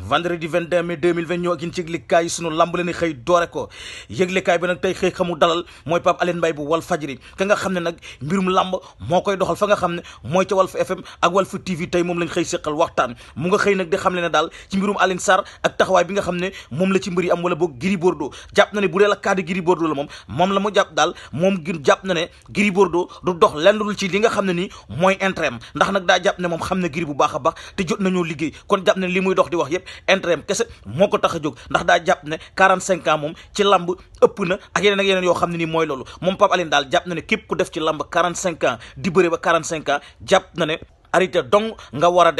vendredi 22 mai 2020 ñoo ak yéen ci yëglikaay yi sunu lamb leen xëy doore ko yëglikaay bi nag tey xëy xamu dalal mooy Pape Alioune Mbaye bu Walf Fadjri ka nga xam ne nag mbirum lamb moo koy doxal fa nga xam ne mooy ca Walf FM ak Walf TV tey moom lañ xëy séqal waxtaan mu nga xëy nag xam le ne daal ci mbirum Alioune Sarr taxawaay bi nga xam ne moom la ci mbir yi am wala boog Gris Bordeaux jàpp na ne bu dee la cadre Gris la moom moom la mu jàpp daal moom gin jàpp na ne Gris Bordeaux du dox lenn dul ci li nga xam ne nii mooy intérêt ndax nag daa jàpp ne moom xam na Gris bu baax a baax te jot nañoo liggéey kon jàpp ne li muy dox di wax yépp intérêt kese moo ko tax a jóg ndax daa jàpp ne 45 ans moom ci lamb ëpp na ak yeneen ak yoo xam ne nii mooy loolu moom Pape Alioune daal jàpp na ne képp ku def ci lamb 45 ans di bëre ba 45 ans jàpp na ne arrêté donc nga war a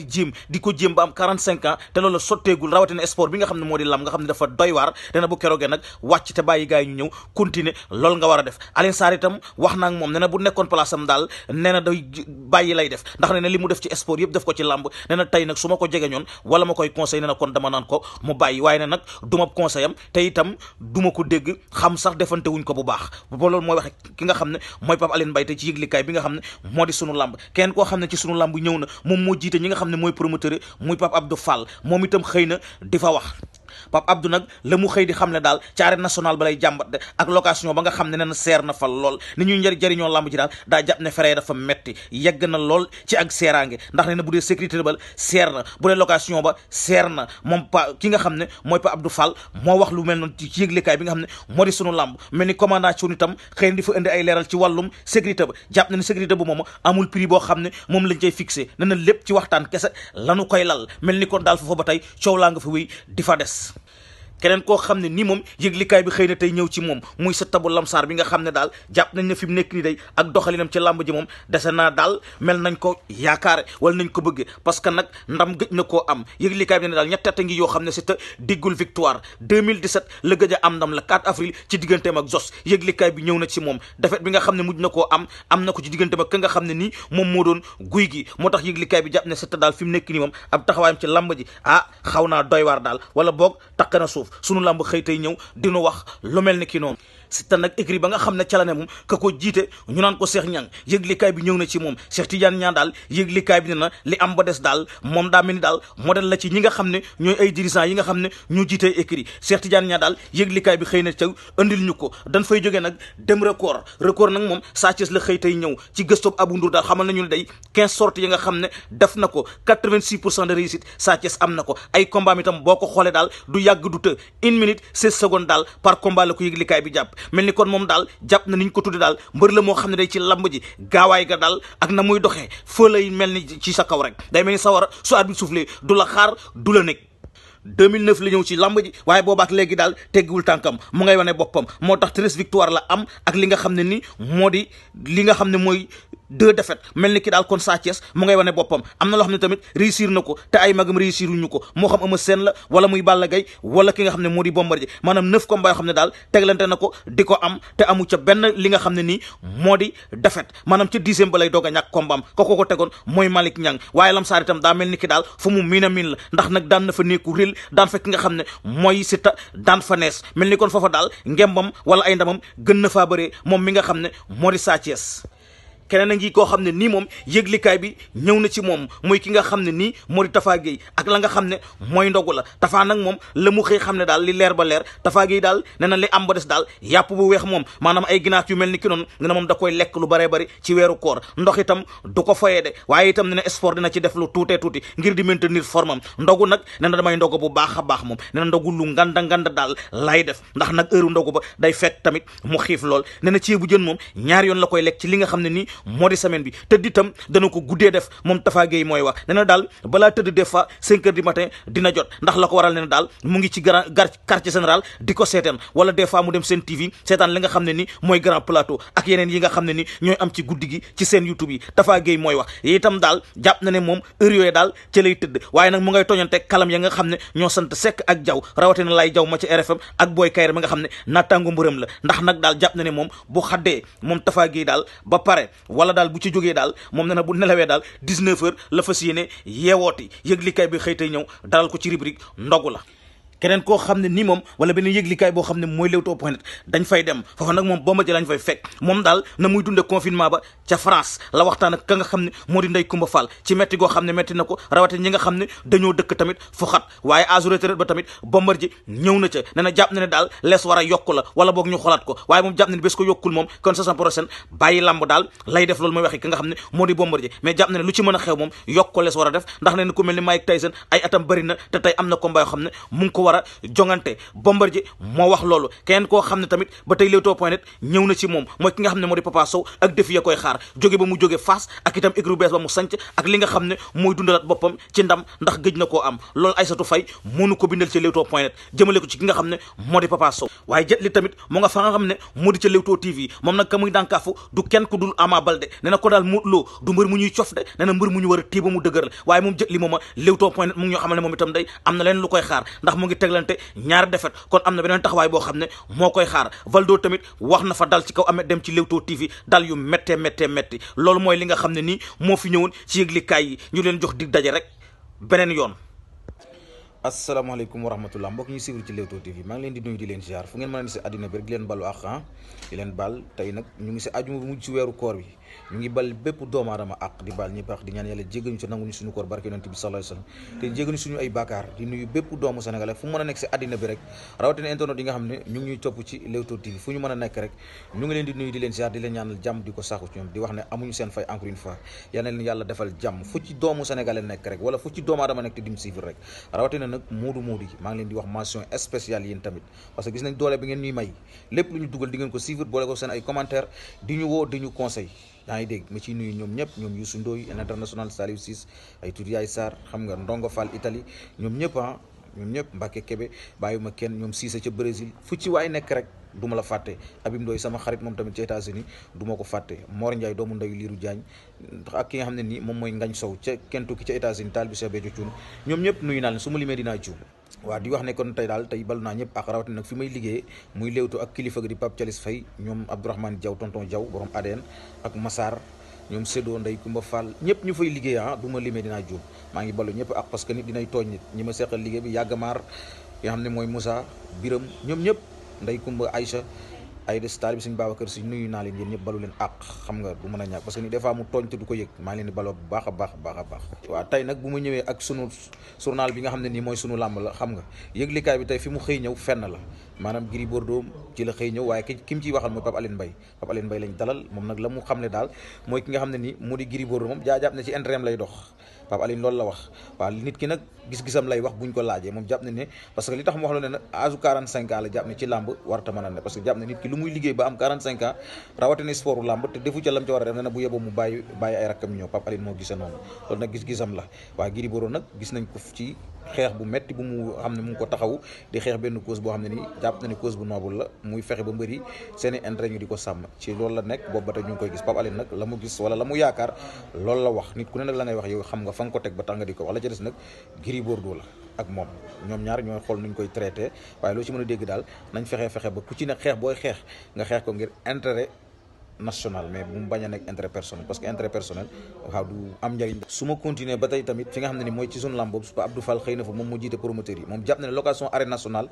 di jéem di ko jéem ba am 45 ans a def Alioune Sarr itam wax naa ak moom ne na bu nekkoon place am daal nee day bàyyi lay def ndax ne na li mu def ci sport yëpp def ko ci làmb ne na tey nag su ma ko jege ñoon wala ma koy conseil ne kon dama naan ko mu bàyyi waaye ne nag duma conseil am te duma ko dégg xam sax defante ko bu baax loolu mooy waxe ki nga xam ne mooy Pape Alioune Mbaye te ci yëglikaay bi nga xam ne moo di sunu làmb kenn koo xam ne ci sunu lamb ñëw na moom moo jiite ñi nga xam ne mooy promoteur muy Pape Abdou Fall moom itam xëy na di fa wax Pape Abdou nag la mu xëy di xam ne daal ci arène nationale ba lay jàmbat de ak location ba nga xam ne nee na seer na fa lool ni ñu njëri jëriñoo làmb ji daal daa jàpp ne frais dafa metti yegg na lool ci ak seeraange ndax nee na bu dee sécurité ba seer na bu dee location ba seer na moom pa ki nga xam ne mooy Pape Abdou Fall moo wax lu mel noonu ci yëglekaay bi nga xam ne moo di sunu làmb mel ni commandant ci itam xëy fa indi ay leeral ci wàllum sécurité ba na ne sécurité moom amul prix boo xam ne moom lañ cay fixé nee na lépp ci waxtaan kese lanu koy lal mel ni kon daal foofu ba tey coow laa nga di fa des keneen koo xam ne nii moom yëglikaay bi xëy na tey ñëw ci moom muy sa tabu lamsaar bi nga xam ne daal jàpp nañ ne fi mu nekk nii day ak doxalinam ci làmb moom dese naa daal mel nañ ko yaakaare wala nañ ko bëgge parce que nag ndam gëj na koo am yëglikaay bi ne daal ñetti ngi yoo xam ne c'est diggul victoire 2017 la gëj a am ndam la 4 avril ci digganteem ak Zos yëglikaay bi ñëw ci moom défaite bi nga xam ne mujj na koo am am na ci digganteem ak ka nga xam ne nii moom moo doon guy gi moo tax yëglikaay bi jàpp ne c'est daal fi mu nekk nii moom ab taxawaayam ci làmb ji ah xaw naa doy waar daal wala boog takk na suuf sunu làmb xëy tey ñëw dinu wax lu mel ni ki noonu Siteu nag écrit ba nga xam ne ca la moom ka ko jiite ñu naan ko Cheikh Niang yëglikaay bi ñëw na ci moom Cheikh Tidiane Niang daal yëglikaay bi ne na li am ba des daal moom daa mel ni daal modèle la ci ñi nga xam ne ñooy ay dirigeants yi nga xam ne ñu jiitee écrit Cheikh Tidiane Niang daal yëglikaay bi xëy na ca andil ñu ko dan fay jógee nag dem record record nag moom Sa Thiès la xëy tey ñëw ci gëstoob Abou Ndour daal xamal nañu ne day quinze yi nga xam ne def na ko quatre-vingt-six pour cent de réussite Sa Thiès am na ko ay combat tam boo ko xoolee daal du yàgg du të une minute seize secondes daal par combat la ko yëglikaay bi jàpp mel ni kon moom daal jàpp na ni ñu ko tudde daal mbër la moo xam ne day ci lamb ji gaawaay ga daal ak na muy doxee foo lay mel ni ci sa kaw rek day mel ni sawara su at bi suuflee du la xaar du la nekk 2009 la ñëw ci lamb ji waaye boobaak léegi daal teggiwul tànkam mu ngay wane boppam moo tax treize victoire la am ak li nga xam ne ni moo di li nga xam ne mooy deux défaites mel ni ki daal kon Sa Thiès mu ngay wane boppam am na loo xam ne tamit réussir na ko te ay magam réussir uñu ko moo xam Eumeu Sène la wala muy Balla Gaye wala ki nga xam ne moo di Bombardier maanaam neuf combats yoo xam ne daal teglante ko di ko am te amu ca benn li nga xam ne nii moo di défaite maanaam ca dixième ba lay doog a ñàkk combat am tegoon mooy Malick Niang waaye lam saar itam daa mel ni ki daal fu mu miin a la ndax nag daan na fa nekku réel daan fa nga xam ne mooy Siteu daan fa mel ni kon foofa daal ngembam wala ay ndamam gën na faa bëree moom mi nga xam ne moo di Sa keneen a ngi koo xam ne nii moom yëglikaay bi ñëw na ci moom muy ki nga xam ne nii moo di Tafa Gueye ak la nga xam ne mooy ndogu la Tafa nag moom la mu xëy xam ne daal li leer ba leer Tafa Gueye daal nee na li am ba des daal yàpp bu weex moom maanaam ay ginaar yu mel ni ki noonu nee moom da koy lekk lu baree bari ci weeru koor ndox itam du ko foyee de waaye itam nee na sport dina ci def lu tuutee tuuti ngir di maintenir formam ndogu nag nee na damay ndogu bu baax a baax moom na ndogu lu nganda nganda daal lay def ndax nag heure ndogu ba day fekk tamit mu xiif lool nee na ceebu jën moom ñaari yoon la koy lekk ci li nga xam ne nii moo di semaine bi tëdd itam dana ko guddee def moom Tafa Gueye mooy wax nee daal balaa tëdd des fois cinq di du matin dina jot ndax la ko waral nee na daal mu ngi ci grand gar quartier général di ko seetaan wala des fois mu dem seen TV seetaan li nga xam ne ni mooy grand plateau ak yeneen yi nga xam ne ni ñooy am ci guddi gi ci seen YouTube yi Tafa Gueye mooy wax itam daal jàpp na ne moom heure yooyu daal ca lay tëdd waaye nag mu ngay tooñante kalam ya nga xam ne ñoo sant Seck ak Jaw rawatina lay Jaw ma ci RFM ak Boy Kayre mi nga ne naataango mbërëm la ndax nag daal jàpp na ne moom bu xaddee moom Tafa Gueye daal ba pare wala daal bu ci jógee daal moom ne na bu nelawee daal 19 heures la fas yéene yeewooti yëglikaay bi xëy tey ñëw dalal ko ci rubrique ndogu la keneen koo xam ne ni moom wala beneen yëglikaay boo xam ne mooy Leewtoo point net dañ fay dem foofa nag moom Bombardier lañ fay fekk moom daal na muy dunde confinement ba ca France la waxtaan ak xam ne moo di Ndeye na ko rawate ñi nga xam ne dañoo dëkk tamit fu xat waaye âge retraite ba tamit Bombardier ñëw na ca ne na jàpp na ne daal lees war a yokku la wala boog ñu xolaat ko waaye moom jàpp na ne bés yokkul moom kon 60 pour cent lamb daal lay def loolu mooy waxi ka xam ne moo di Bombardier mais jàpp na ne lu ci mën a xew moom yokk a def ndax nee na ku ko war war a jongante Bombardier moo wax koo xam ne tamit ba moom mooy ba mu jóge Fass ak itam écurie bees ba moo di Papa Sow li tamit ne moo di ca Leewtoo TV ka muy dànkaafu du kenn ku dul Ama Baldé nee na ko daal Modou Lo du mbër mu ñuy cof de nee mu ñu war a téye ba mu dëgër la waaye moom jët li mooma Leewtoo point net mu ngi xamal ne moom itam day am na leen lu koy xaar ndax mu ngi teglante ñaari defet kon am na beneen taxawaay boo xam ne moo koy xaar Valdo tamit wax na fa dal ci kaw amee dem ci Leewtoo TV dal yu méttee méttee métti loolu mooy li nga xam ne nii moo fi ñëwoon ci yëglikaay yi ñu leen jox di daje rek beneen yoon. asalaamaaleykum wa rahmatullah mbokk ñu suivre ci Leewtoo TV maa ngi leen di nuyu di leen ziar fu ngeen mën a ne si àddina bi rek di leen balu ak ah, di leen bal tey nag ñu ngi si àjjuma bu mujj si weeru bi ñu ngi bal bépp doomu ak di bal ñu baax di ñaan yàlla jéggal ñu te nangu ñu suñu koor barke yonent bi sallallahu alayhi wasallam te jéggal ñu suñu ay bàkkaar di nuyu bépp doomu sénégalais fu mën a nekk si àddina bi rek rawatina internet yi nga xam ngi leen di nuyu di leen ziar di leen ñaanal jàmm di ko saxu ci ñoom di wax ne amuñu seen fay encore une yàlla defal jàmm fu ci doomu sénégalais nekk rek wala fu ci doomu aadama nekk te dim suivre rek rawatina nag moodu moodu yi maa ngi leen di wax mention spéciale yéen tamit parce que gis ngeen ñuy may lépp lu dugal di ngeen ko suivre boole ko seen ay commentaire di ñu yaa ngi dégg ma ciy nuyu ñoom ñëpp ñoom Youssou Ndoye international Saliou Ciss ay tudd yaay Sarr xam nga Ndongo Fall Italie ñoom ñëpp ah ñoom ñëpp Mbacke Kebe ma kenn ñoom Cissé ca Brésil fu ci waay nekk rek du ma la fàtte Abim Ndoye sama xarit moom tamit ci États-Unis duma ko fàtte Mor Ndiaye doomu ndeyu Liiru Diagne ak ki nga xam ne nii moom mooy Ngañ Sow ca Kentucky ca États-Unis taal bi Cheikh Béthio Thioune ñoom ñëpp nuyu naa leen su ma limee dinaa juum waaw di wax ne kon tey daal tey balu naa ñëpp ak rawatina nag fi may liggéey muy léewtu ak kilifa gi di Pape Thialis Faye ñoom Abdourahmane Diaw tonton Diaw borom ADN ak Massar ñoom Séddo Ndey Kumba Fall ñëpp ñu fay liggéey ah du ma limee dinaa juum maa ngi balu ñëpp ak parce que nit dinay tooñ nit ñi ma a liggéey bi yàgg maar yoo xam ne mooy Moussa Biram ñoom ñëpp Ndey Kumba Aïcha ay des taalibi suñ Babacar Si nuyu naa leen yéen balu leen àq xam nga du mën a ñàkk parce ni des mu tooñ te du ko yëg maa leen di baloo bu baax a baax a baax a baax waaw tey nag bu ma ñëwee ak sunu journal bi nga xam ne nii mooy sunu làmb la xam nga yëglikaay bi tey fi mu xëy ñëw fenn la maanaam Gris Bordeaux ci la xëy ñëw waaye ki ki mu ciy waxal mooy Pape Aline Mbaye Pape Aline Mbaye lañ dalal moom nag la mu xam ne daal mooy ki nga xam ne nii mu di Gris Bordeaux moom jaajaab ne ci intérim lay dox Pape Aline loolu la wax waaw nit ki nag gis-gisam lay wax buñ ko laajee moom jàpp na ne parce que li tax mu wax ta mën a a def ne na bu yeboo loolu la waaw Gris Bordeaux nag ne nag la mu gis wala la mu yaakaar loolu la wax nit ku ne nag la ngay wax yow xam nga fa nga ko teg ba tax nga di ko wax la ca des nag Gris Bordeaux la ak moom ñoom ñaar ñooy xool nuñ koy traité waaye loo ci mën a dégg daal nañ fexe fexe ba ku ci ne xeex booy xeex nga xeex ko ngir intérêt national mais bu mu bañ a nekk intérêt personnel parce que intérêt personnel waaw du am njëriñ su ma continuer ba tey tamit fi nga xam ne ni mooy ci suñu lamb boobu ba Abdou Fall xëy na fa moom moo jiite promoteur yi moom jàpp ne location arène nationale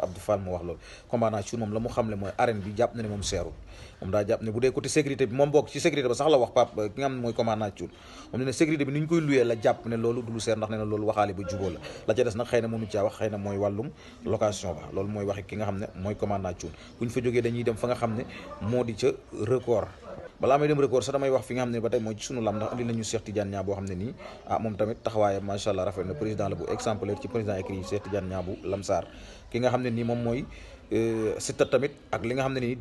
Abdou Fall mu wax loolu combat naa moom la mu xam le mooy arène bi jàpp na ne moom seerul moom daa jàpp ne bu dee côté sécurité bi moom bokk ci sécurité ba sax la wax pap euh, ki nga xam ne mooy combat naa ci ñu la jàpp ne loolu du lu seer ndax ne na loolu waxaale ba jubóo wax xëy na mooy wàllum mooy waxe ki nga xam ne mooy fa jógee dañuy dem fa nga xam ne moo di ca record balaa may dem record sax damay wax fi nga xam ne ba tey mooy ci sunu lam ndax indi nañu Cheikh Tidiane Niang boo xam ne nii ah moom tamit taxawaayam macha allah rafet na président la bu exemplaire ci président écrit yi Cheikh Tidiane Niang bu Lamsar ki nga xam ne nii moom mooy euh, Siteu tamit ak li nga xam ne nii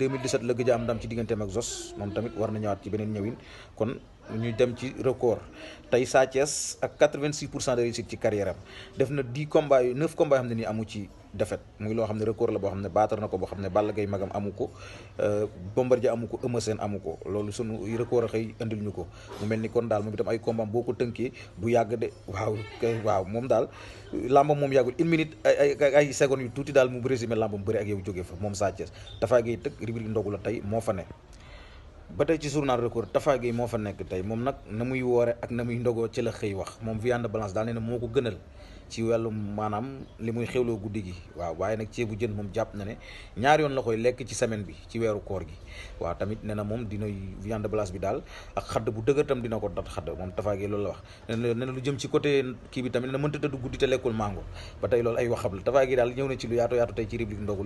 la gëj a am ndam ci digganteem ak Zos moom tamit war na ñëwaat ci beneen ñëwin kon ñu dem ci record tey Sa Thiès ak 86 pour cent de réussite ci carrière am def na di combats yu 9 combats yoo xam ne nii amu ci defet muy loo xam ne record la boo xam ne baatar na ko boo xam ne Balla Gaye magam amu ko euh, Bombardier amu ko Eumeu Sène amu ko loolu sunu record a xëy indil ñu ko mu mel ni kon daal moom itam ay combat boo ko tënkee bu yàgg de waaw waaw moom daal làmbam moom yàggul une minute ay ay secondes yu tuuti daal mu résumé làmbam bëri ak yow jógee fa moom Sa Thiès dafaa la tey moo fa ne ba tey ci journal record Tafa Gueye moo fa nekk tey moom nag na muy woore ak na muy ndogoo ci la xëy wax moom viande balance daal ne moo ko gënal ci maanaam li muy xewloo guddi gi waaw waaye nag jën moom jàpp na ne ñaar yoon la koy lekk ci semaine bi ci weeru koor gi waa tamit ne na moom dina viande balance bi daal ak xadd bu dëgër tam dina ko dat xadd moom Tafa Gueye loolu la wax ne na lu jëm ci côté kii bi tamit ne na mënta tëdd guddi te lekkul mango ba tey loolu ay waxam la Tafa Gueye daal ñëw na ci lu yaatu yaatu tey ci rubrique ndogu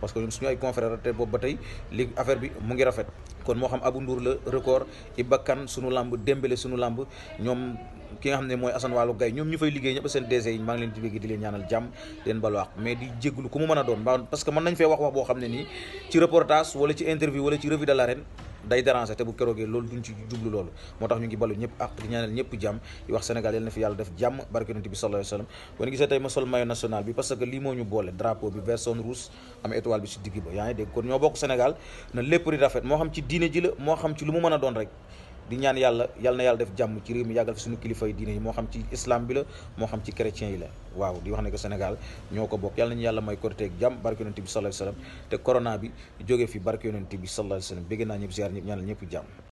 parce que su suñu ay confrères te boobu ba tey li affaire bi mu ngi rafet kon moo xam Abou Ndour la record Iba Kane sunu lamb Dembélé sunu lamb ñoom ki nga xam ne mooy Assane Walu Gaye ñoom ñu fay liggéey ñëpp seen DG yi maa ngi leen di bëgg di leen ñaanal jàmm leen balu mais di jégglu ku mu mën a doon parce que mën nañ fee wax wax boo xam ne nii ci reportage wala ci interview wala ci revue de l'arène day déranger te bu keroogee loolu duñ ci jublu loolu moo tax ñu ngi balu ñëpp ak di ñaanal ñëpp jàmm di wax Sénégal yal na fi yàlla def jàmm barke yonent bi sallallahu alayhi wasallam kon gisee tey ma sol maillot national bi parce que lii moo ñu boole drapeau bi version rouge am étoile bi si digg ba yaa ngi dégg kon ñoo bokk Sénégal na lépp di rafet moo xam ci diine ji la moo xam ci lu mu mën a doon rek di ñaan yàlla yal na yàlla def jàmm ci réew mi yàggal fi suñu kilifa yi diine yi moo xam ci islam bi la moo xam ci chrétien yi la waaw di wax ne ko Sénégal ñoo ko bokk yal nañu yàlla may korité ak jàmm barke yonent bi sallallahu alayhi wasallam te corona bi jóge fi barke yonent bi sallallahu alayhi wasallam bëgg naa ñëpp si ñëpp ñaanal ñëpp jàmm